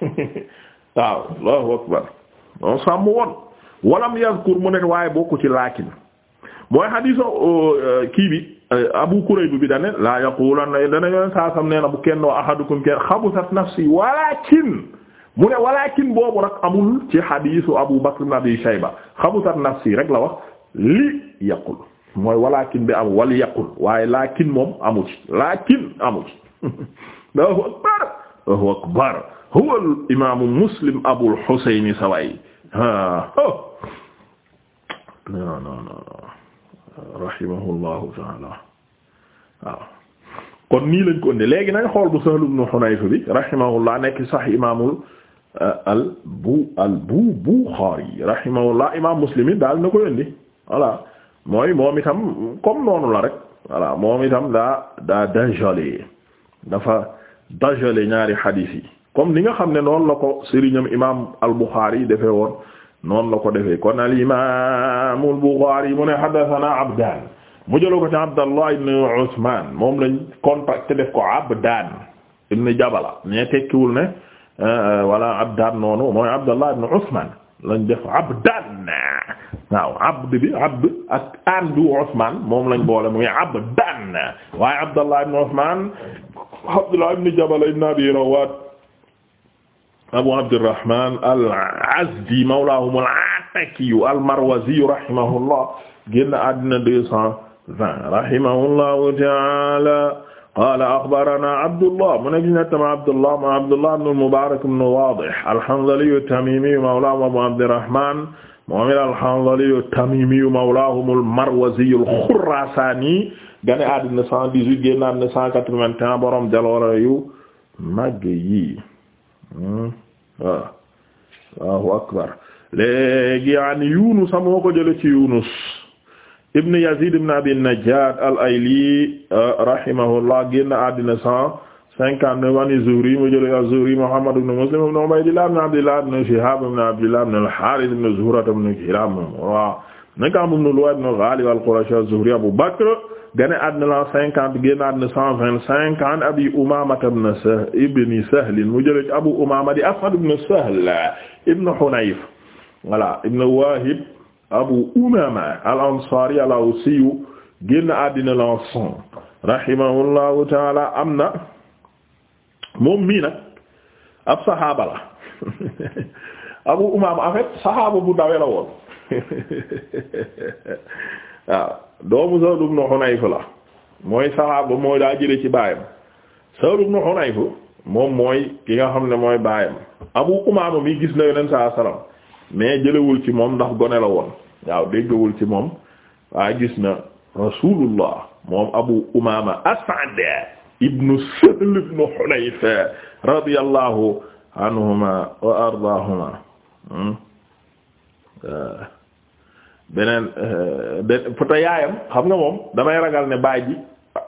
waaw allahu akbar moom sàmm woon walam yazkur mu ne waaye bokku ci laakin mooy xadiiso uh, kii bi uh, abu kurayb bi dane laa yaqulanna dana yoon saa sam nee na bu kenn wa ahadukum kenn xabusat nafsi walakin mu ne walakin boobu rek amul ci xadiisu abu bakr ibn abi shayba xabusat nafsi rek la wax li yaqul mooy walakin bi amul wal yaqul waaye laakin moom amul ci laakin amu akbar allahu akbar huwa al imaamu muslim abul xuseyni saway ah oh non non non rahimahullahu taala waaw kon nii lañ ko ëndee léegi nañ xool bu Sahl ibn Hunayf bi rahimahullah nekk sax imaamul uh, al bu al bu Buxaari rahimahullah imaam muslim it daal na ko ëndi voilà mooy moom itam comme noonu la rek voilà moom itam daa daa dajale dafa dajale ñaari xadiis comme ni nga xam ne noonu la ko sëriñam imaam al-Bukhari defee woon noonu la ko defee kon al imaam al-Bukhari mu ne haddathana Abdaan mu jëloo ko ci moom lañ contacté def Abdaan ibn Jabala mais tekkiwul ne wala euh, Abdaan noonu mooy Abdallah Abdaan waaw abd bi ak an bi Usman moom lañ boole muy Abdaan waaye Abdallah ibn Usman Abdallah ibn Jabala ibn Abi Rawat abu abdirrahman al-azdi mawlaahum al-ataki al-marwazi rahimahullah génn àddina deux cent vingt rahimahullahu ta'ala qaala axbaranaa abdullah mu nekk nettama abdullah ma abdullah ibn al-mubaarak ibn waadih al-hanzali at-tamimi mawlaahum abu abdirrahman moom al-hanzali at-tamimi mawlaahum al-marwazi al-khuraasaani génn àddina cent dix-huit génn àddina cent quatre-vingt-un borom jaloore yu màgg yi waaw hmm? ah. Allahu akbar léegi an Yunus moo ko jële ci Yunus ibn Yazid ibn Abi Najjad al-Ayli ah, rahimahullah génn àddina cent cinquante-neuf an Zuhri mu jële az-Zuhri Muhammad ibn Muslim ibn Ubaydillah ibn Abdillah ibn Shihab ibn Abdillah ibn al-Harith ibn Zuhra ibn Kiram waaw naka am ibn Luwayy ibn Ghalib al-Qurashi az-Zuhri Abu Bakr gane àddina la cinquante génn àddina cent vingt cinq an Abi Umaama ibn Sahl ibn Sahl mu jële ci Abu Umaama di As'ad ibn Sahl ibn Hunayf voilà ibn Wahib Abu Umaama al-Ansari al-Awsi génn àddina la cent rahimahullahu ta'ala am na moom mii nag ab saxaaba la Abu Umaama en fait saxaaba bu dawe la woon waaw ah, doomu Sa'd ibn Hunayf la mooy saxaaba mooy daa jële ci baayam Sa'd ibn Hunayf moom mooy ki nga xam ne mooy baayam Abu Umaama mi gis na Yonent saa salaam mais jëlewul ci moom ndax gone la woon waaw déggawul ci moom waaye gis na Rasulullah moom Abu Umaama As'ad ibn Sahl ibn Hunayf radiyallahu anhuma wa ardaahuma hmm? ah. beneen euh, beneen peut yaayam xam nga moom damay ragal ne baay ji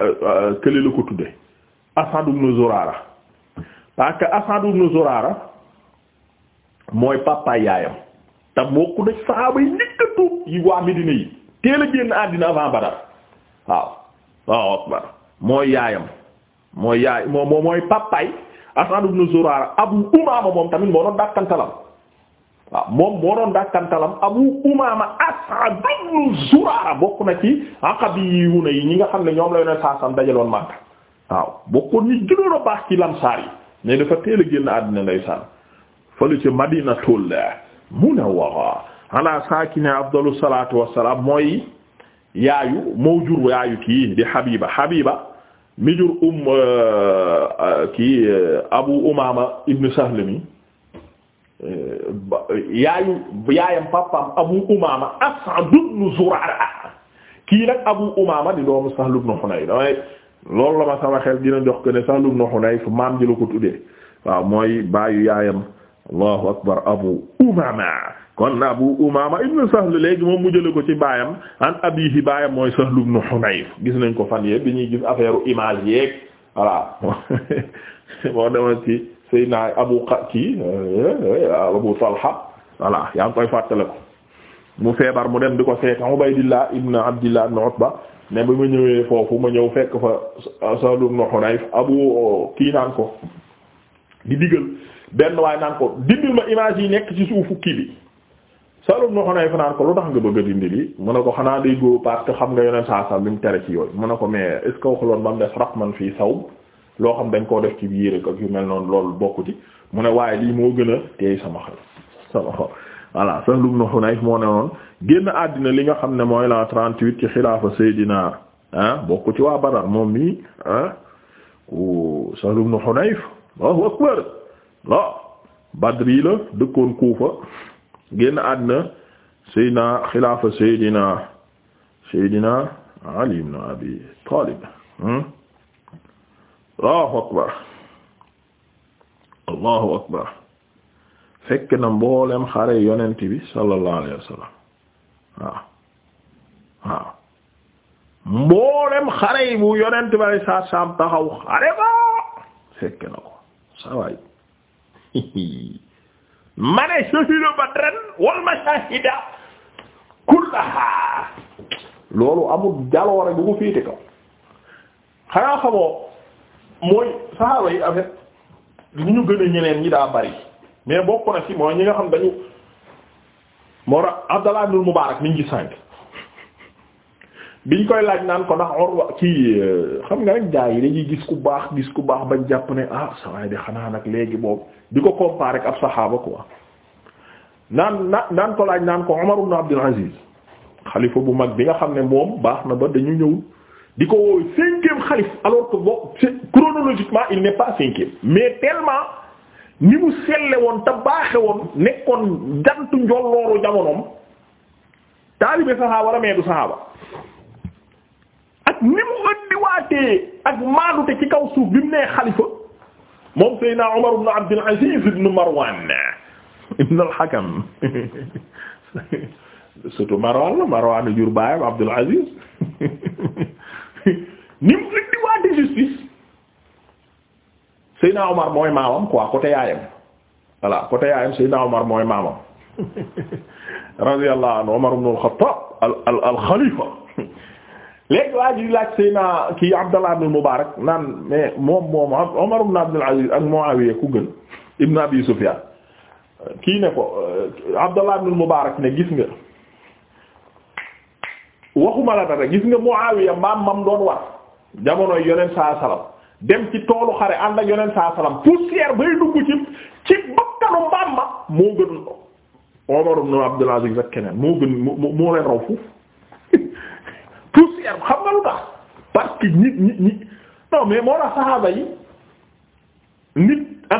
euh, euh, kële la ko tudde Asad ibn Zurara parce que Asad ibn Zurara mooy papa yaayam te bokku na saaba yi njëkk a yi waa Medina yi teel a génn àddina avant Badar waaw waaw mooy yaayam mooy yaay moo mooy papaay Asad ibn Zurara Abu Umaama moom tamit moo doon dàkkantalam waaw moom moo doon dàkkantalam abu umaama as'ad ibn zuraara bokk na ci aqabiyuuna yi ñi nga xam ne ñoom la yoneen saasam dajaloon Makka waaw bokkoon ñu gënoon a baax ci lamsaar yi mais dafa teel a génn àddina ndeysaan fële ci madinatul munawwara ala saakine afdalu salaatu wassalaam mooy yaayu moo jur yaayu kii di Habiba Habiba mi jur um uh, uh, kii uh, abu umaama ibn sahl mi yaayu yaayam papaam abu umaama as'ad ibn zurara kii nag abu umaama di doomu sahl ibn hunayf damay loolu la ma sama xel dina jox ko ne sahl ibn hunayf maam ji ko tuddee waaw mooy baayu yaayam allahu akbar abu umaama kon abu umaama ibn sahl léegi moom mu jële ko ci baayam an abihi baayam mooy sahl ibn hunayf gis nañ ko fan yee bi ñuy gis affaire image yeeg voilà moo demoon ci Seydina Abu kii euh, Abu Talha voilà yaa ngi koy fàttale ko mu feebar mu dem di ko seeta Ubaydillah ibn Abdillah ibn Utba ne bi ma ñëwee foofu ma ñëw fekk fa Sahl ibn Hunayf Abu kii naan ko di digal benn waaye naan ko dindil ma image yi nekk ci suufu kii bi Sahl ibn Hunayf naan ko lu tax nga bëgg a dindi lii mu ne ko xanaa day góor parce que xam nga yeneen saa saa bi mu tere ci yooyu mun ne ko mee est ce que waxuloon ba mu des fii saw loo xam dañ koo def ci biir ak yu mel noonu loolu bokku ci mu ne waaye lii moo gën a teey sama xel sama xol voilà Sahl ibn Hunayf moo ne noonu génn àddina li nga xam ne mooy la 38 ci xilaafa Seydina ah bokku ci waa Badar moom mii ah ku Sahl ibn Hunayf Allahu akbar la Badri la dëkkoon Kuufa génn àddina Seydina xilaafa Seydina Seydina Ali ibn Abi Talib hmm? allahu akbar allahu akbar fekk na mboolem xare yonent bi sallallahu alayhi wa sallam mboolem xare yi bu yonent bi alayhi salaatu salaam taxaw xare ba fekk na ko sawaay ma ne shahida wal mashahida kullaha loolu amul jaloore bu ko féete kaw xanaa xamoo mooy saxaaba yi en li ñu gën a ñeneen ñi daa bari mais bokk na ci mooy ñi nga xam dañu moo tax Abdallah ibn Mubarak mi ngi sànq biñ koy laaj naan ko ndax Urwa kii xam nga rek gaa yi dañuy gis ku baax gis ku baax bañ jàpp ne ah saa waay de xanaa nag léegi boobu di ko comparer ak ab saxaaba quoi naan na naan ko laaj naan ko Umar ibn Abdul Aziz xalifa bu mag bi nga xam ne moom baax na ba dañu ñëw. di ko wooyu cinquième xalif alors que bo chronologiquement il n'est pas cinquième mais tellement ni mu selle woon te baaxe woon nekkoon jantu njollooru jamonoom taalibe saxaaba la du saxaaba ak ni mu ëndiwaatee ak maadute ci kaw suuf bi mu nee xalifa moom Seydina Umar ibn Abdul Aziz ibn Marwan ibn al-Hakam surtout Marwan la jur baayam Abdul Aziz ni mu indi waa de justice Seydina Omar mooy maamam quoi côté yaayam voilà côté yaayam Seydina Omar mooy maamam radiyallahu anhu Omar ibn al-Khattab al al al waa ji laaj Seydina kii Abdallah ibn Mubarak naan mais moom moom Omar ibn Abdul ku gën ibn Abi Sufyan kii ne ko Abdallah ibn Mubarak ne gis nga. waxuma la dara gis nga Muawiya maam mam doon war jamonoy yonent saa dem ci toolu xare ànd a yonent saa salam poussière bay dugg ci ci bakkanu mbaam ma moo gën Omar ibn Abdul Aziz ak keneen moo gën moo leen raw foofu poussière xam nga lu tax parce que nit nit nit moo la saxaaba nit en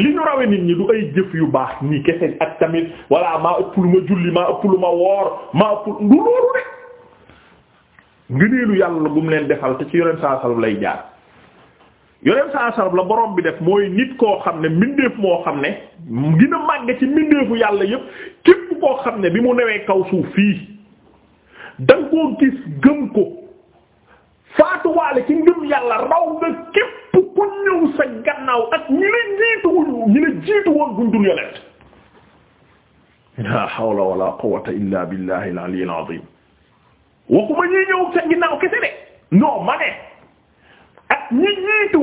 li ñu rawee nit ñi du ay jëf yu baax nii kese ak tamit walla maa ëpp lu ma julli maa ëpp lu ma woor maa ëpp lu loolu rek ngëneelu yàlla bu mu leen defal te ci yonent saa lay jaar yonent saa la borom bi def mooy nit koo xam ne mbindeef moo xam ne gën a màgg ci mbindeefu yàlla yépp képp koo xam ne bi mu newee kaw suuf fii da nga koo gis gëm ko faatuwaale ci ngëm yàlla raw nga képp ku ñëw sa gannaaw ak ñi la jiitu jiitu woon dundul yonent la hawla wala quwwata illa billahi al-ali al-azim waxuma ñi ñëw sa ginnaaw kese de non ma ne ak ñi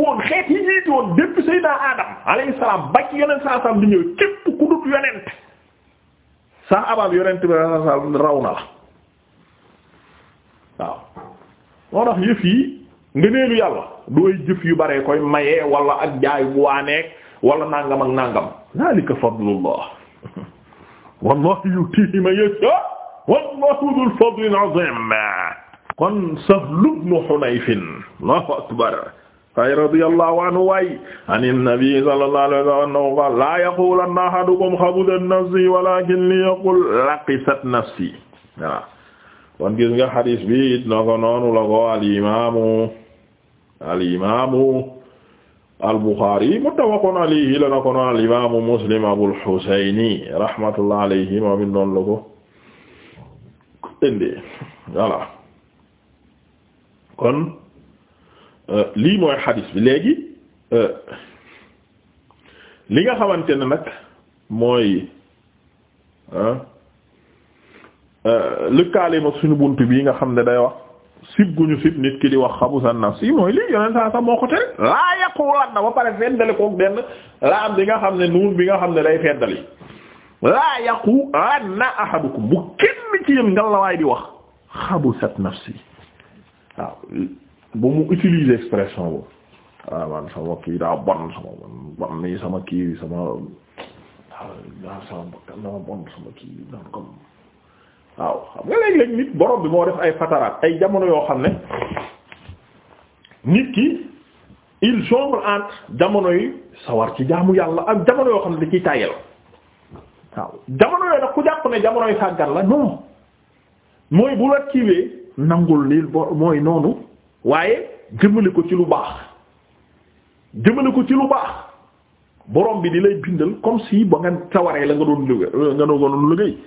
woon xeet yi woon depuis sayyidina adam alayhi salaam ba ci saa salaam di ñëw képp ku dut yonent saa abab yonent bi saa salaam raw na la waaw moo tax yëf yi ngëneelu dooy jëf yu bare koy mayee wala ak jaay bu waaneek wala nangam ak nangam zalika fadlullah wallahu yutihi man yasha wallahu dhul fadlil azim kon Sahl ibn Hunayf allahu akbar ay radiyallahu anhu waay ani nabi sallallahu alayhi wa sallam annahu la yaqulanna ahadukum khabuthat nafsi walakin liyaqul laqisat nafsi voilà kon gis nga hadith bi it na ko la ko al imaam al imaamu al Buxaari muttafaqun alayhi la na ko noon al imaamu Muslim Abul Husayni rahmatullah alayhi moom it noonu la ko indee voilà kon euh, lii mooy xadiis bi léegi euh, li nga xamante ne nag mooy euh, lëkkaale ma suñu bunt bii nga xam ne day wax si gu ñu sib nit ki di wax xabusa nafsi mooy lii yoneen saa sax moo ko tere laa yaqulan na ba pare feddali koog benn laa bi nga xam ne nuun bi nga xam ne day feddali laa yaqulan na ahadukum bu kenn ci ngal la waay di wax xabusat nafsi waaw bu mu utiliser expression boobu waaw man sama kii daa bon sama bon nii sama kii sama waaw sama bakkan dama bon sama kii daan comme waaw xam nga léeg-léeg nit borom bi moo def ay fataraat ay jamono yoo xam ne nit ki il jongle entre jamono yi sawar ci jaamu yàlla ak jamono yoo xam ne da ciy tàyyel waaw jamono yooyu nag ku jàpp ne jamono sàggar la non mooy bu la kiiwee nangul lii bo mooy noonu waaye jëmale ko ci lu baax jëmale ko ci lu baax borom bi di lay bindal comme si ba nga sawaree la nga doon liggéey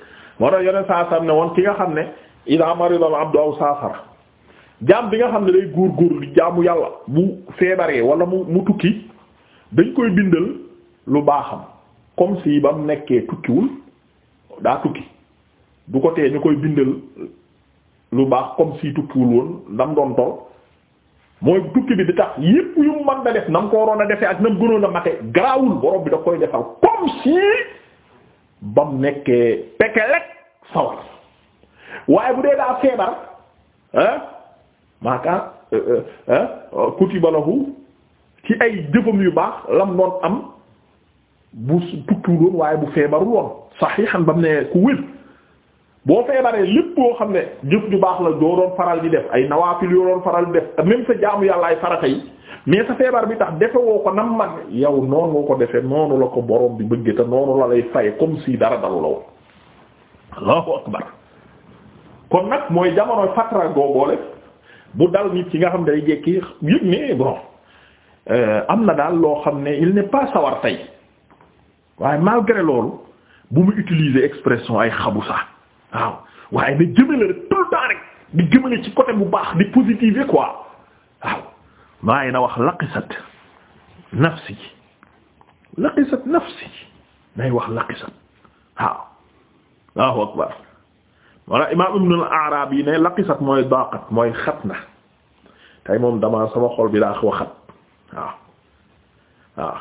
moo tax yeneen saasam ne woon ki nga xam ne ida marida al abdu aw saafara jaam bi nga xam ne day góorgóorlu di jaamu yàlla bu feebaree wala mu mu tukki dañ koy bindal lu baaxam comme si ba mu nekkee tukkiwul daa du ko tee ñu koy bindal lu baax comme si tukkiwul woon ndam doon tol mooy tukki bi di tax yépp yu mu da def na mu ko a defee ak na mu gënoon a mate garaawul borom bi da koy defal comme si ba mu nekkee pekelek sawar waaye bu dee daa feebar ah maaka euh, euh, kutiba ci ay jëfam yu baax lam doon am bu tukkiwuloon waaye bu feebarul woon saxiixan ba mu ne ku wér boo feebaree lépp boo xam ne jëf ju baax la doo doon faral di def ay nawaafil yoo doon faral di def même sa jaamu yàlla ay farata yi mais sa feebar bi tax defe woo ko nam mag yow noonu nga ko defe noonu la ko borom bi bëgg te noonu la lay fay comme si dara dalu la woon allahu akbar kon nag mooy jamono fatra googoole bu dal nit ki nga xam ne day jekki yëg ne bon euh, am na daal loo xam ne il n'est pas sawar tey waaye malgré loolu bu mu utiliser expression ay xabu sax waaw waaye na jëmale rek tout le di jëmale ci côté bu baax di positiver quoi waaw waaye na wax laqisat nafsi laqisat nafsi nay wax laqisat waaw Allahu akbar wala imaam Ibn al-Arabi ne laqisat mooy daqat mooy xat na tey moom damaa sama xol bi daa xaw xat waaw waaw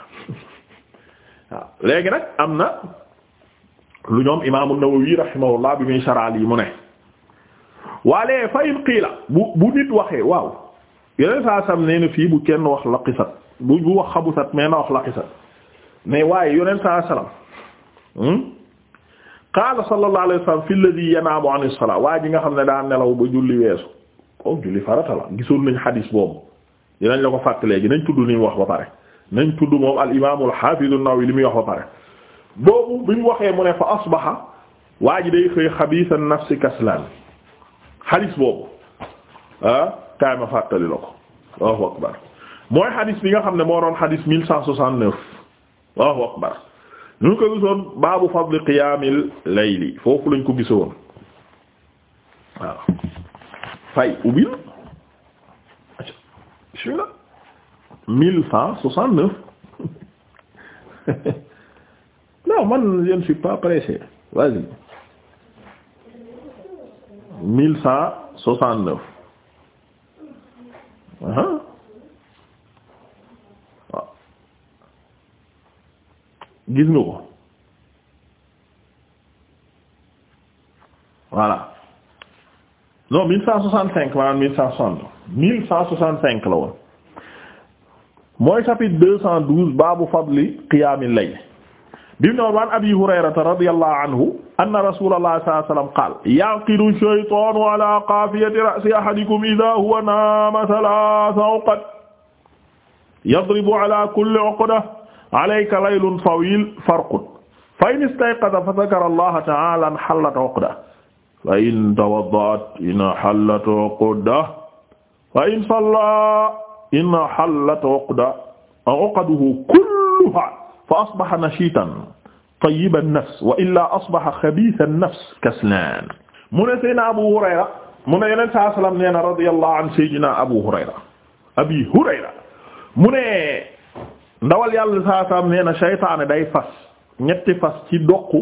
waaw nag am na lu ñoom imaam an-Nawawi rahimahullah bi muy saraal yi mu ne waalee fa in qiila bu bu nit waxee waaw yeneen saa sam nee na fii bu kenn wax laqisat bu bu wax xabusat mais na wax laqisat mais waaye yeneen saa salam qaala sallallahu alayhi wa sallam waa ji nga xam ne daa nelaw ba julli weesu ko julli farata la gisoon nañ xadiis boobu dinañ la ko fàtt gi nañ tudd ni mu wax ba pare nañ tudd moom al imaam al haafiz li muy wax ba pare boobu bi mu waxee mu ne fa asbaha waa ji day xëy xabiisa nafsi kaslaan xadiis boobu ah kaay fàttali la ko Allahu akbar mooy xadiis bi nga xam ne moo doon xadiis 1169 Allahu akbar ñu ngi ko gisoon baabu fadli qiyaamil layli foofu lañ ko gisoon waaw fay ubbil bismillah mille cent soixante non man je ne suis pas pressé vas-y gis nga ko voilà non mille cent soixante cinq maanaam mille cent soixante mille cent soixante cinq la woon mooy chapitre deux cent douze baabu fadli qiyaamil layl bi noon waan abi hurayrata radiyallahu anhu anna rasulallah sallallahu alayhi wa sallam qaala yaqidu shaytaanu ala qaafiyati ra'si ahadikum idha huwa naama thalatha uqad yadribu ala kulli uqda alayka laylun tawil farqud fa in istayqaza fa zakara allaha ta'ala hallat uqda fa in tawadda'at ina hallat uqda fa in salla ina hallat uqda uqaduhu kulluha fa asbaha nashitan tayyiba an-nafs wa illa asbaha khabitha an-nafs kaslan mu ne Seydina Abu Hurayra mu ne Yonent sallallahu alayhi wa sallam nee na radiyallahu an Seydina Abu Hurayra Abi Hurayra mu ne ndawal yàlla saa saa nee na seytaane day fas ñetti fas ci doqu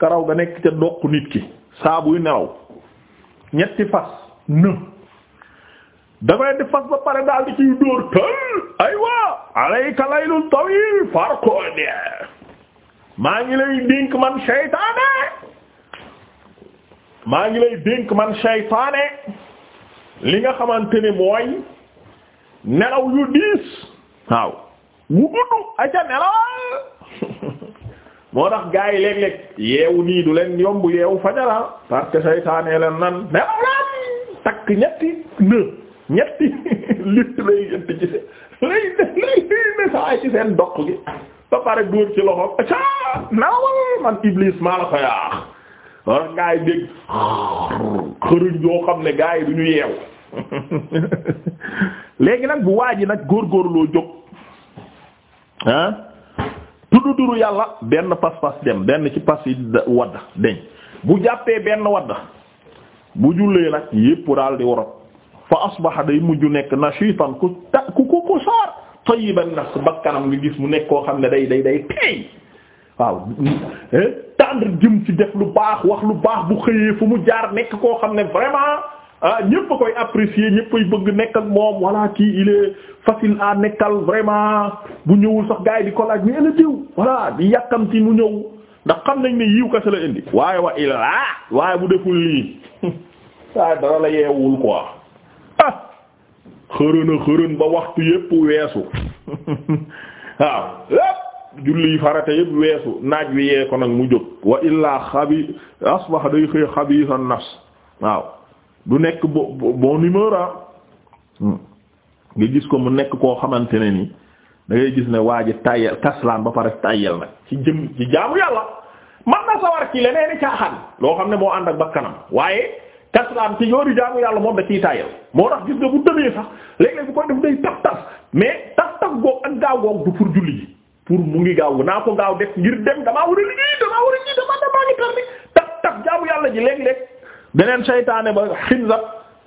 karaw ga nekk ca doqu nit ki saa buy nelaw ñetti fas në da di fas ba pare daal di ciy dóor tël aywa alayka laylun tawil farkoo de maa ngi lay dénk man seytaane maa ngi lay dénk man seytaane li nga xamante ni mooy nelaw yu diis waaw mu gudd aca moo tax gaa yi léeg-léeg yeewu nii du leen yomb yeewu fajara parce que saytaanee leen nan nelaw laan takk ñetti në ñetti litt lay ñetti ci seen lay lay ne saa ci seen pare dóor ci man iblis maa la ko yaax moo tax gars yi dégg xëruñ yoo xam ne gaa yi du ñu yeewu léegi nag bu waa ji nag góorgóorloo jóg ah tudd turu yàlla benn pas-pas dem benn ci pas yi wadd deñ bu jàppee benn wadd bu jullee nag yépp daal di warat fa asbaha day mujj nekk nashitan ku ta ku ku ku saar tayyiban nafs bakkanam nga gis mu nekk koo xam ne day day day teey waaw eh? tendre jëm ci def lu baax wax lu baax bu xëyee fu mu jaar nekk koo xam ne vraiment ah ñëpp koy apprécier ñëpp koy bëgg nekkal ak moom voilà kii il est facile à nekkal vraiment bu ñëwul sax gars yi di ko laaj ñu ëllëg di yàkkamti mu ñëw ndax xam nañ ne yiw kese la indi. waaye wa illaa waaye bu deful lii waaye dara la yeewul quoi ah xërën xërën ba waxtu yëpp weesu waaw julli farata yëpp weesu naaj wi yee ko nag mu jóg wa illaa xabi asbax day xëy xabiisan nafs waaw. du nekk bo bon humeur ah. hmm. nga gis ko mu nekk koo xamante ne ni da ngay gis ne waa ji tayel ba pare tayel nag ci jëm ci jaamu yàlla man na sawar ci leneen i caaxaan loo xam ne moo ànd ak kanam waaye taslaan ci yoonu jaamu yàlla moom da ciy tayel moo tax gis nga bu demee sax léeg-léeg bu koy def day tas tas mais tas tas goog ak gaaw goog du pour julli ji pour mu ngi gaaw naa ko gaaw def ngir dem damaa war a liggéey damaa war a liggéey ngi tar ji beneen saytaane ba xinzab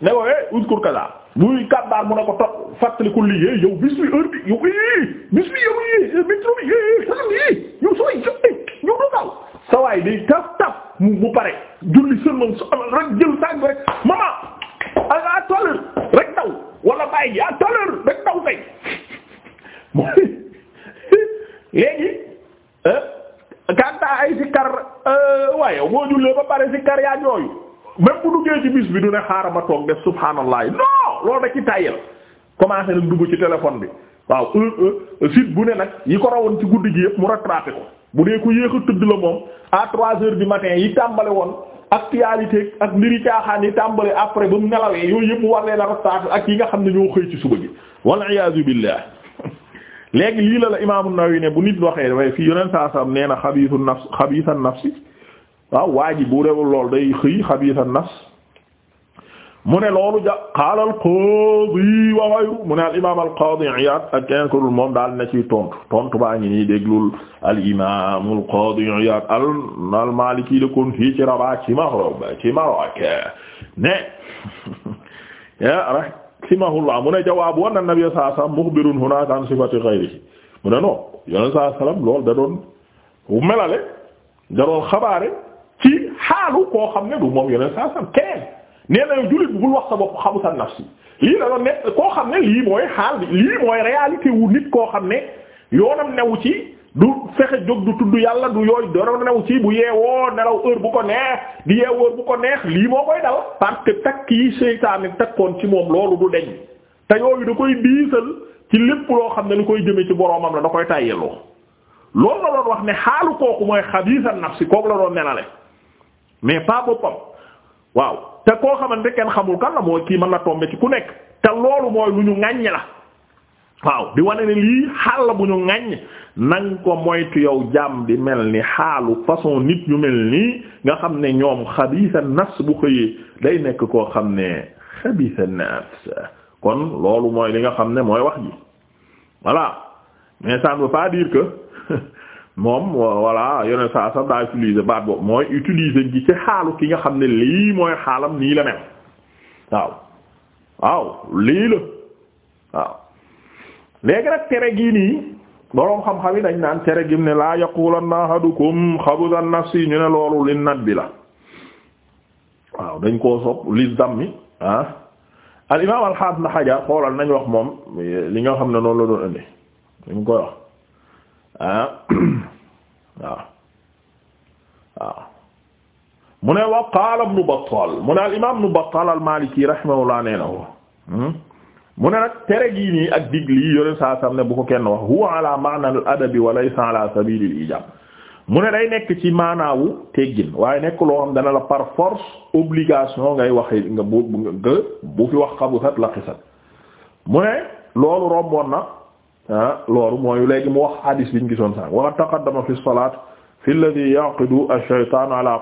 ne ko eh uzkur kaza muy kàddaar mu ne ko toog fàttaliku liggéey eh, yow bis bi heure bi yow eh bis bi yow eh, eh météo bi eh saison bi yow sooy jot eh yow du eh, taw sa waay day taf taf mu mu pare julli seen moom su rek jël tànk rek maman à tolloo rek taw wala bàyyi ji à tolloo rek taw tey léegi kanta ay si kar waaye boo jullee ba pare si kar yaa jooyu même bu duggee ci bis bi du ne xaaral ma toog def subhanallah non loolu da ci tàyyel commencé nag dugg ci téléphone bi waaw euh, euh, site bu ne nag yi ko rawoon ci guddi gi yëpp mu rattrapé ko bu dee ku yéex a tëdd la moom à trois heures du matin yi tàmbale woon actualité ak mbiri caaxaan yi tàmbale après ba mu nelawee yooyu yëpp mu war leen a ak yi nga xam ne ñoo xëy ci suba gi wal iyaazu billah léegi lii la la imaamu Nawawi ne bu nit waxee waaye fii yoneen na xabiisu waaw waa ji bu lool day xëy xabiisa mu ne loolu ja qaala al qaadi wa ghayru mu ne al imaam al qaadi Iyaad ak keneen ko daal na ciy tontu tontu baa ngi nii déglul al imaam al qaadi Iyaad al Maaliki dëkkoon fii ci Rabat ci Maroc ci Maroc ne rahimahullah mu ne jawaab anna nabiyya sallallahu alayhi wa sallam mu ne non yonent sallallahu alayhi wa melale da xabaare ci xaalu koo xam ne du moom yeneen saa sam keneen nee na jullit bu bul wax sa bopp xamu sa nafsi lii la doon ne koo xam ne lii mooy xaal bi lii mooy réalité wu nit koo xam ne yoonam newu ci du fexe jóg du tudd yàlla du yooyu doro newu ci bu yeewoo nelaw heure bu ko neex di yeewoo ko neex lii moo koy dal parce que takk yi seytaane takkoon ci moom loolu du te yooyu da koy diisal ci lépp loo xam ne lu koy jëme ci boroomam la da koy tàyyeloo loolu la doon wax ne xaalu kooku mooy xabiisa nafsi kook la doon nenale mais pas boppam waaw te koo xamante kenn xamul kan la mooy kii mën na tombe ci ku nekk te loolu mooy lu ñu ŋàññ la waaw di wane ne lii xaal la bu ñu ŋàññ nang ko moytu yow jàmm di mel ni xaalu façon nit ñu mel nii nga xam ne ñoom xabiisa nafs bu xëyee day nekk koo xam ne xabiisa nafs kon loolu mooy li nga xam ne mooy wax ji voilà mais ça ne veut pas moom voilà yone saa sax daa utiliser baat boobu mooy utiliser gi ci xaalu ki nga xam ne lii mooy xaalam nii la mel waaw waaw lii la waaw léegi nag tere gii nii boroom xam-xam yi dañ naan tere gim ne laa yaqulanna ahadukum xabusa nafsi ñu ne loolu li nat bi la waaw dañ koo sopp li zammi ah al imam alxaas na xajar xoolal nañ wax moom li nga xam ne noonu la doon indi li mu koy wax ah waaw waaw ah. ah. mu ne wa qaala ibnu mu ne al imaam ibnu Battaal al Maaliki rahimahullah nee na ko hmm? mu ne nag tere gii nii ak digle yi saa sam ne bu ko kenn wax huwa maana adabi wa laysa ala sabiil al mu ne day nekk ci maanaawu teggin waaye nekk loo xam dana la par force obligation ngay waxe nga bu bu fi wax xabusat la xisat mu ne loolu romboon na. Ah loolu mooy léegi mu wax hadis bi ñu gisoon sànq wa taqaddama fi salaat fi alladhi yaqidu ash-shaytaan ala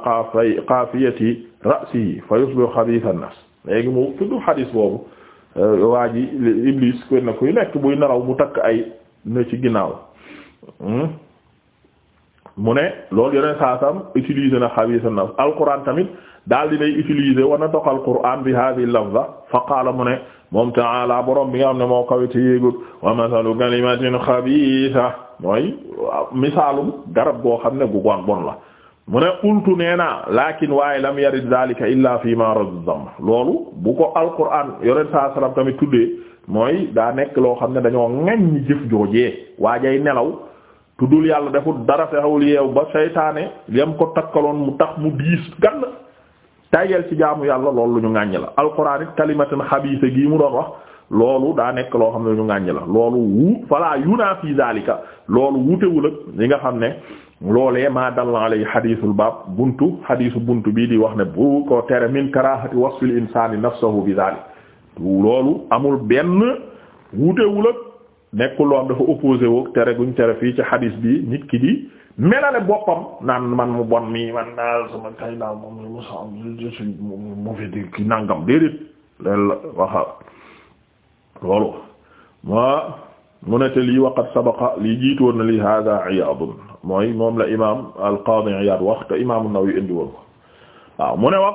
qaafiyati ra'sihi fa yusbihu xabiisa an-naas léegi mu tudd hadis boobu euh, waa ji Iblis ku na kuy nekk buy naraw mu takk ay na ci ginnaaw. Hmm? mu ne loolu yeneen saasam utiliser na xabisa naf alquran tamit daal di nay utiliser wa nataq alquran bi hadhihi lafza fa qaala mu ne moom ta'ala borom bi nga xam ne moo kawite yéegul wa mathalu kalimatin xabisa mooy misaalum garab goo xam ne gu gon bon la mu ne qultu nee naa lakin waaye lam yarid zalika illa fi ma rad loolu bu ko alquran yoneen saa salam tamit tuddee mooy daa nekk loo xam ne dañoo ŋaññi jëf joojee waajay nelaw tuddul yàlla deful dara fexewul yeew ba seytaane yam ko takkaloon mu tax mu diis gann tayel ci jaamu yàlla loolu lu ñu ŋàññ la alquran it kalimatan xabiisa gii mu doon wax loolu daa nekk loo xam ne ñu ŋàññ la loolu wu fala yi zalika loolu wutewul ak li nga xam ne loolee maa dalla alay xadiisul baab buntu xadiisu bunt bii di wax ne bu ko tere min karahati wasfil insani nafsahu bi zalik loolu amul benn wutewul ak nekkul loo am dafa opposé woog tere guñ tere fii ci xadis bi nit ki di melale boppam naan man mu bon man daal sama kay daal moom mu sa mu fi di ki nàngam déedéet leen waxa loolu ma mu te lii waqat sabaqa lii jiitoon na li hada iyadun mooy moom la imam al-Qadi Iyad wax te imam an-Nawawi indi woon ko waaw mu ne wa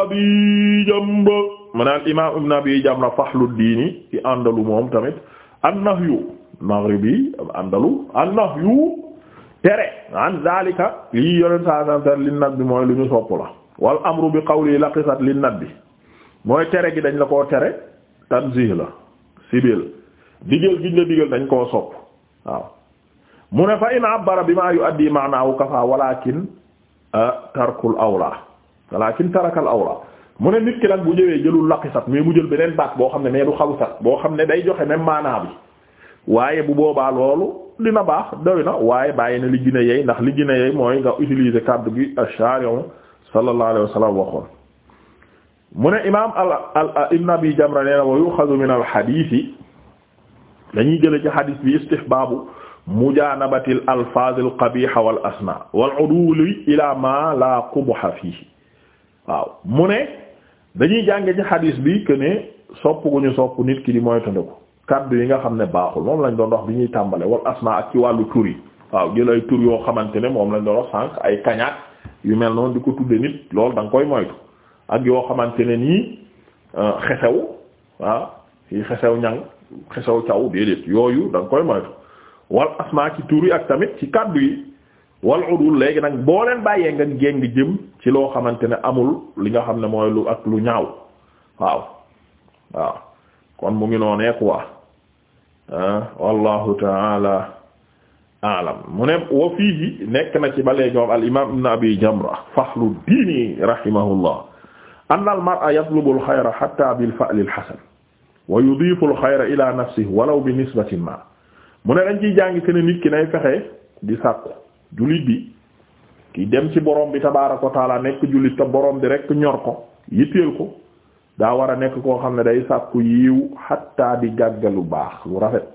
abi jamra mu ne al imam ibnu abi jamra tamit annahyu maghribi andalu annahyu tere an zalika lii yoneen saa saa tere li bi mooy lu ñu sopp la wal amru bi qawli laqisat li nab bi mooy tere gi dañ la koo tere tanzih la sibil digal giñ la digal dañ koo sopp waaw mu ne fa in abbara bi maa yu addi maanaawu kafa walakin tarkul awla walakin tarakal awla mu ne nit ki nag bu ñëwee jëlul laqisat mais mu jël beneen baat boo xam ne mais du xawsat boo xam ne day joxe même maanaa waaye bu boobaa loolu dina baax doy na waaye bàyyi na li gën a yey ndax li gën a yey mooy nga utiliser kàddu gi ash-shari'u sallallahu alayhi wa sallam waxoon mu ne imam al ibn abi jamra nee na wa yuxazu min al hadith yi dañuy jële ci hadith bi istihbaabu mujaanabatil alfaaz al qabiha wal asna wal uduli ila ma la qubha fihi waaw mu ne dañuy jànge ci xadiis bi que ne sopp gu ñu sopp nit ki di mooy tënd ko kaddu yi nga xam ne baaxul moom lañ doon dox bi ñuy tàmbale wal asma ak ci wàllu tur yi waaw jël ay tur yoo xamante ne moom lañ doon wax ay kañaat yu mel noonu di ko tudde nit loolu da koy moytu ak yoo xamante ne nii euh, xesew ah yi xesew ñang xesew caw déedéet yooyu da nga koy moytu wal asma ci tur yi ak tamit ci kàddu yi wal udul léegi nag boo leen bàyyee nga géng jëm ci loo xamante ne amul li nga xam ne mooy lu ak lu ñaaw waaw waaw kon mu ngi noonee quoi wallahu taala alam mu ne wa fiihi nekk na ci balee ñoom al imam ibn abi jamra fahlu diini rahimahullah anna al mar'a yatlubu al xayra bil fa'l al hasan wa yudifu al ila nafsihi walaw bi nisbatin ma mu ne dañ ciy jàngi ke ne nay fexe di sàkku jullit bi ki dem ci borom bi tabaaraka wa taala nekk jullit te borom bi rek ñor ko yitteel ko daa war a nekk koo xam ne day sàkku yiw xattaa di gàgga lu baax lu rafet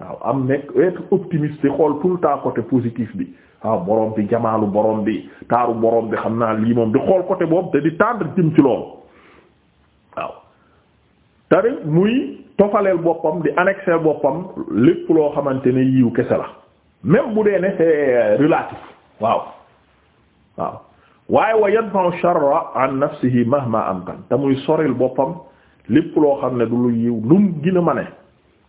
waaw am nekk être optimiste xool tout le temps positif bi waaw borom bi jamaalu borom bi taaru borom bi xam naa lii moom di xool côté boobu te di tendre jëm ci loolu waaw tari muy tofaleel boppam di annexer boppam lépp loo xamante ne yiw kese la même bu dee ne c'est relatif waaw waaw waaye wa yadfa'u sharra an nafsihi mahma amkan te muy soril boppam lépp loo xam ne du lu yiw lum gën a ma ne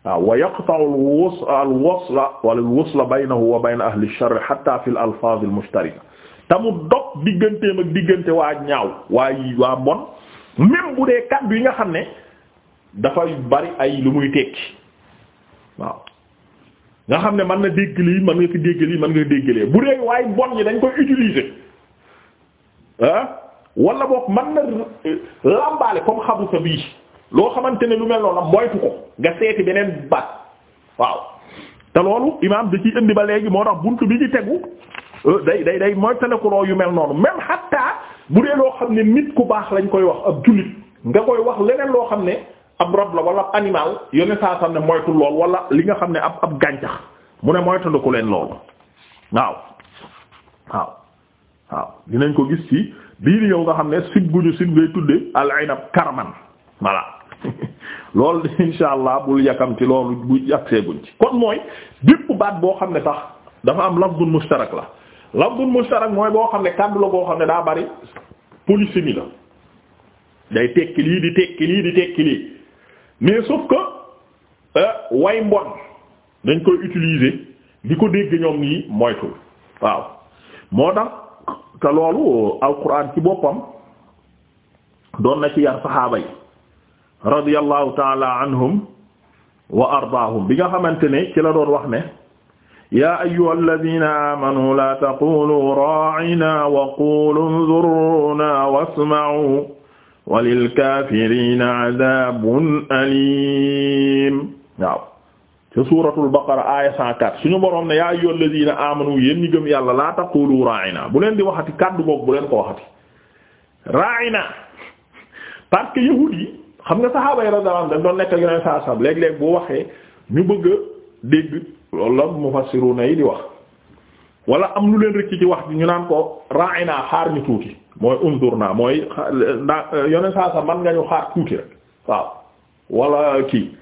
waaw wa yaqta'u al wasla wala al wasla baynahu wa bayna ahli ash-sharr hatta fi al alfaaz al mushtarika te mu dog digganteem ak diggante waa ñaaw waa waa mbon même bu dee kàddu yi nga xam ne dafay bari ay lu muy tekki waaw nga xam ne man na dégg lii mën nga ko dégg lii mën nga ko dégg lee bu dee waaye mbon ñi dañ koy utiliser ah wala boog mën na lambaale comme xabu sa bii loo xamante ne lu mel noonu la moytu ko nga seeti beneen baat waaw te loolu imaam da ciy indi ba léegi moo tax buntu bi ci tegu euh, day day day moytalekuloo yu mel noonu même hatta bu dee loo xam ne nit ku baax lañ koy wax ab jullit nga koy wax leneen loo xam ne ab rab la wala ab animal yone saa xam ne moytu lool wala li nga xam ne ab ab gàncax mu ne moytandiku leen loolu waaw waaw. waaw dinañ ko gis ci bii yow ñëw nga xam ne sib guñu sib ngay tudde al inab karman voilà loolu insha allah bul yakam ci loolu bu agsee guñ ci kon mooy bépp baat boo xam ne sax dafa am lafdun mustarak la lafdun mustarak mooy boo xam ne kàddu la boo xam ne daa bari polysémie la day tekki lii di tekki lii di tekki lii mais sauf que euh, way mbon dañ koy utiliser di ko dégg ñoom nii moytul waaw moo tax te loolu alquran ci boppam doon na ci yar saxaaba yi radiyallahu taala anhum wa ardaahum bi nga xamante ne ci la doon wax ne yaa ayyuhal ladina amanu la taqulu ra'ina wa qulu unzurna wasma'u walil kafirina adabun alim waaw ca suuratul baqara aaya 104 suñu boroom ne yaa ayyuhal lazina amanu yéen ñi gëm yàlla laa taqulu ra'ina bu leen di waxati kàddu boobu bu leen ko waxati ra'ina parce que yahud yi xam nga saxaaba yi radiyallahu anhum dañ doon nekk ak yeneen saa saab léeg-léeg bu waxee ñu bëgg a dégg loolu la mufassiruna yi di wax wala am lu leen rëcc ci wax ji ñu naan ko ra'ina xaar ñu tuuti mooy unzurna mooy yeneen saa saab man nga ñu xaar tuuti rek waaw wala kii.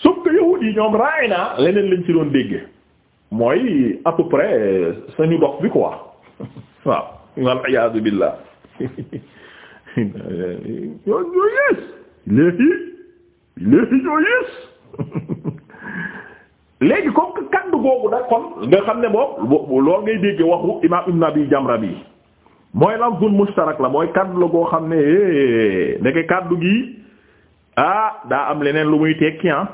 sauf que yahuud yi ñoom raay naa leneen lañ ci doon déggee mooy à peu près sañu dox bi quoi waaw wal iyaazu billah ñoo ñoo yées léegi léegi ñoo yées ko kaddu googu nag kon nga xam ne boobu loolu ngay dégg waxu imaam ibn abi jamra bi mooy lafzul la mooy kaddu la goo xam ne eh, ndeke kaddu gi ah daa am leneen lu muy tekki ah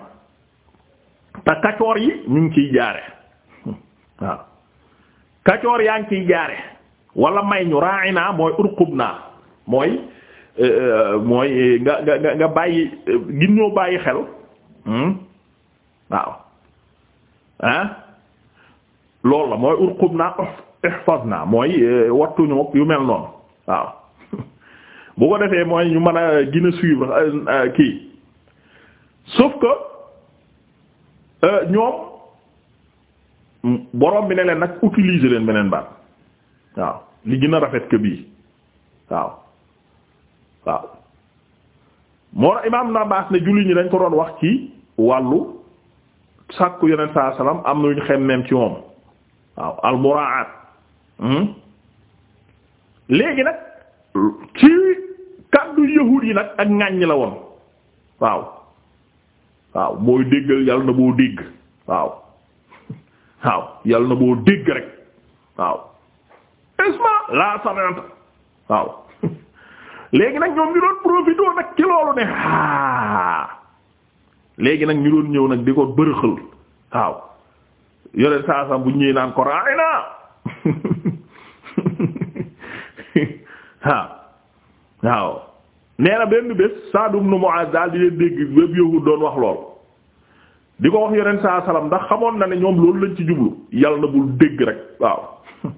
te kacoor yi ñu ngi kiy jaare waaw kacoor yaa ngi ciy jaare wala may ñu ra'ina mooy urqub naa mooy euh, euh, mooy nga nga nga bàyyi euh, gin ñoo bàyyi xel hmm? waaw ah loolu la mooy urqub naa ihfaz naa mooy wattuñu yu mel noonu waaw bu ko defee mooy ñu mën a gën suivre kii sauf que Euh, ñoom borom bi ne leen nag utiliser leen beneen baat waaw li gën a rafet que bii waaw waaw moo imaam na baas ne julli ñi dañ ko doon wax ci wàllu sàkku yonent saa salaam am na ñu xemmeem ci moom waaw almuraat hmm? léegi nag ci kàddu yahuud yi nag ak ŋàññ la woon waaw waaw mooy déggal yal na boo dégg waaw waaw yàlla na boo dégg rek waaw isma la sami'ta waaw léegi nag ñoom ñu doon profité nag ci loolu ne aa léegi nag ñu doon ñëw nag di ko bërëxal waaw yore saasam bu ñëwee naan ko raina waaw waaw nee na benn bés Saad ibn Muaz daal di leen dégg bépp yahud doon wax lool di ko wax yeneen saa ndax xamoon na ne ñoom loolu lañ ci jublu yàlla na bul dégg rek waaw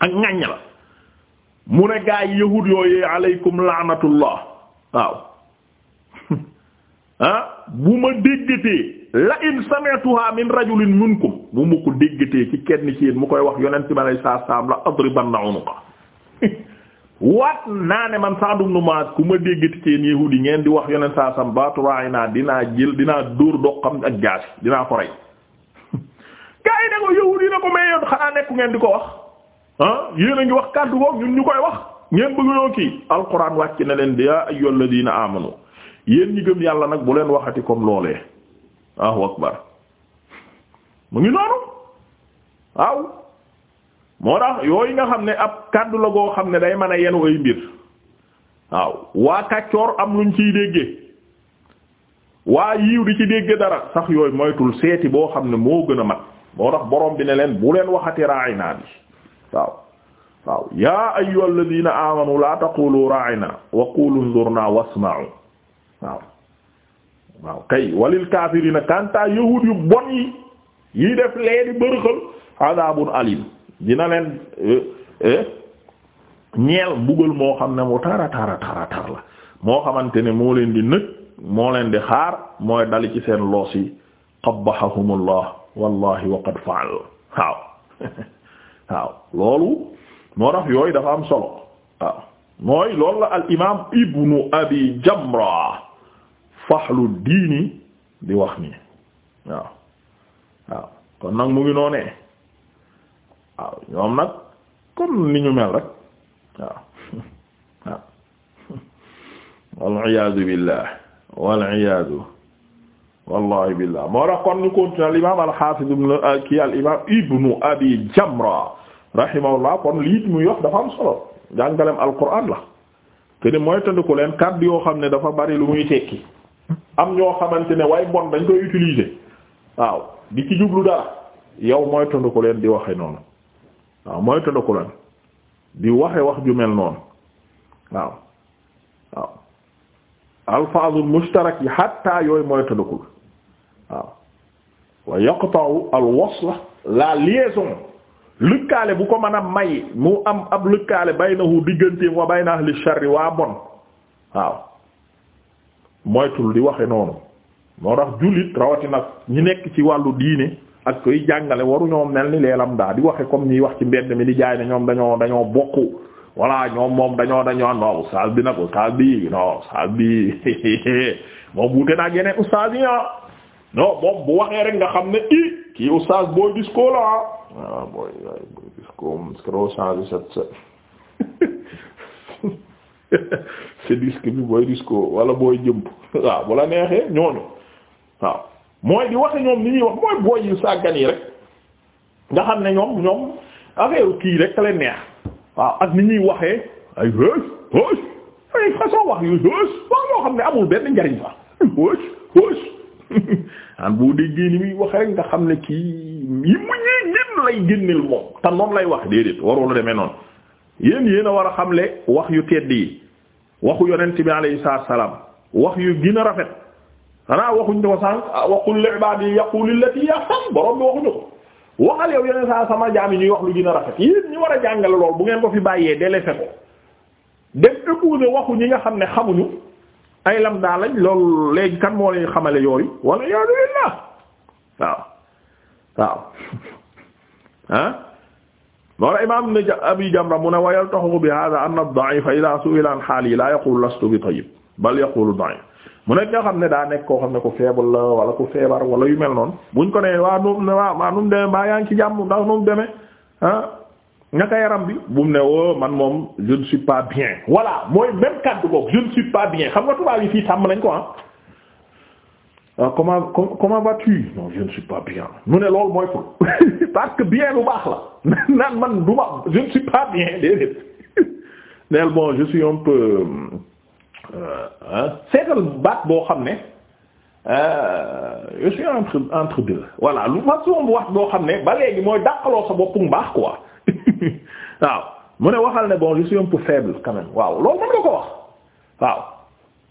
ak ñaññ la mu ne gaa yi yahud yooyee aleykum laanatullah waaw ah bu ma déggatee la in sami'tuha min rajulin minkum bu ma ko déggatee ci kenn ci mu koy wax yonent bi alay saa salaam la adribanna unuqa waat naa ne man Sa'd ibn Mu'adh ku ma déggati ci yahuud yi ngeen di wax yoneen saa sam baatu naa dinaa jël dinaa dóor doqam ak jaasi dinaa ko rey gaa yi ne ko yahuud yi ne ko may yoon xanaa nekku ngeen di ko wax ah yéen a ngi wax kàddu ko ñun ñu koy wax ngeen bëgg ñoo kii alquran wàcc na leen yaa ayyuhal ladina amanu yéen ñi gëm yàlla nag bu leen waxati comme loolee waaw akbar mu ngi noonu waaw moo tax yooyu nga xam ne ab kàddu la goo xam ne day man a yenu ay mbir waaw waa kàccoor am luñ ciy déggee waa yiw di ci dégge dara sax yooyu moytul seeti boo xam ne moo gën a mat moo tax borom bi ne leen bu leen waxati raayinaa bi waaw waaw yaa ayyuhal ladina amanu la taqulu raayinaa wa kaafiriina kanta yahud yu bon yi yi def lee di bërëxal adabun dina leen euh, euh, ñeel mbugal moo xam ne mu tara tara tara tar la moo xamante ne moo leen di nëg moo leen di xaar mooy dali ci seen loos yi qabbahahumullah wallahi wa qad faal waaw waaw loolu moo tax yooyu dafa am solo waaw mooy loolu la al imaam ibnu abi jamra fahlu diini di wax nii waaw waaw kon nag mu ngi noonee waaw ñoom nag comme ni ñu mel rek waaw waaw waliyasu billah waliyasu wallahi billah moo tax kon ñu continue al imam alxafiz ibn kii al ibnu abi jamra rahimahullah kon lii muy wax dafa am solo jàngalem alquran la te ni mooy tëndiku leen kàddu yoo xam ne dafa bari lu muy tekki am ñoo xamante ne way bon dañ koy utiliser waaw di ci jublu dara yow mooy tëndiku leen di waxe noonu waaw mooy tëddaku di waxe wax ju mel noonu waaw waaw alfaazul mushtarak yi hatta yooyu mooy tëddakul waaw wa yaqta'u al wasla la liaison lëkkaale bu ko mën a may mu am ab lëkkaale baynahu digganteem wa bayna ahli sharri waa bon waaw moytul di waxe noonu moo tax jullit rawatina ñi nekk ci wàllu diine ak koy jàngale waru ñoo mel ni leelam daa di waxe comme ñuy wax ci mbedd mi di jaay ne ñoom dañoo dañoo bokk voilà ñoom moom dañoo dañoo no ustaas bi nag ustaas bi no ustaas bi ah. moom bu waxee rek nga xam ne i kii ustaas booy disco la ah waaw booy disco moom scro change set se disque bi booy disco wala booy jëmp waaw bu la neexee ñooñu waaw mooy di wax ñoom ni ñuy wax mooy booy yu sàggan yi rek nga xam ne ñoom ñoom affaire kii rek ka leen neex waaw ak ni ñuy waxee ay hës hës ay façon wax yu amul benn njariñ fa hës hës an boo déggee ni muy waxe rek nga kii yi mu ñuy génn lay noonu lay wax déedéet warul demee noonu yéen yéen a war a xamle wax yu tedd yi waxu yonent bi alayhi salaam wax yu gën a rafet xanaa waxuñ ko sànq ah, waqul li ibaadi yaqulu lati ahsan borom bi waxuñu ko waxal yow yeneen saa sama jaam yi ñuy wax lu gën a rafet yéen ñi war a jàngale lool bu ngeen ko fi bàyyee délaissé ko dem épouse waxu ñi nga xam ne xamuñu ay lam daa lañ loolu léegi kan moo lay xamale yooyu wala yaa billah waaw waaw ah wala imam ibn abi jamra mu ne wayal taxu bi hada anna ad-da'if idha su'ila an hali la yaqulu lastu bi tayyib bal yaqulu da'if mu nekk ñoo xam ne daa nekk koo xam ne ku feebul la wala ku feebar wala yu mel noonu buñ ko nee waa num ne waa waa num demee mbaa yaa ngi ci jàmm ndax num demee ah ñaka yaram bi bu mu ne woo man moom je ne suis pas bien voilà mooy même kàddu boobu je ne suis pas bien xam nga tubaab yi fii tàmm nañ ko ah, ah non je ne suis pas bien mu ne loolu mooy pour parce que bien la naan man du ma je ne suis pas bien déedéet neel bon je suis un peu Euh, seetal baat boo xam ne euh, je suis entre entre deux voilà lu façon bu wax boo xam ne ba léegi mooy dàqaloo sa boppu mbaax quoi waaw mu ne waxal ne bon je suis un peu faible quand même waaw loolu ko wax waaw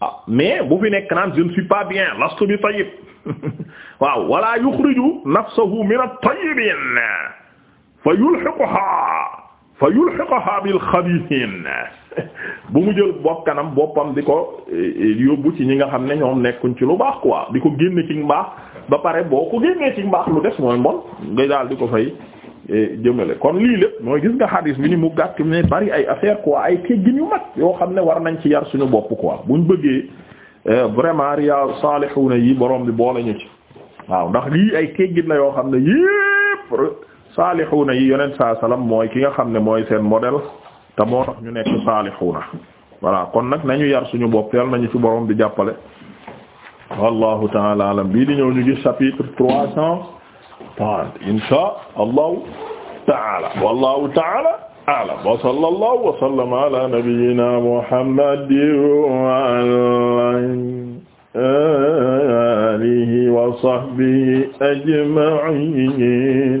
waaw ah, mais nekk naan je ne suis pas bien lastu bi tayyib waaw wala yukhriju nafsahu min at-tayyibin fa yulhiquha fa yulhiquha bil khabithin bu mu jël kanam boppam di ko eh, eh, yóbbu ci ñi nga xam ne ñoom nekkuñ ci lu baax quoi di ko génne ci mbaax ba pare boo ko génnee ci mbaax lu des mooy mbon nga daal di ko fay eh, jëmale kon lii lépp mooy gis nga xadis bi ni mu gàkk ne bari ay affaire quoi ay teggin yu mag yoo xam ne war nañ ci yar suñu bopp quoi buñ bëggee vraiment Riyâdou na yi borom bi boole ñu ci waaw ndax lii ay teggin la yoo xam ne yépp na yi yonent saa salaam mooy ki nga xam ne mooy seen modèle te moo tax ñu nekk saalixuuna voilà kon nag nañu yar suñu bopp yal nañu ci borom di jàppale wallahu taala alam bii di ñëw ñu gis chapitre trois cent trente insha allahu taala wallahu taala alam wa sallallahu wa sallama ala nabiyyina muhammadin wa ala alihi wa sahbihi ajma'in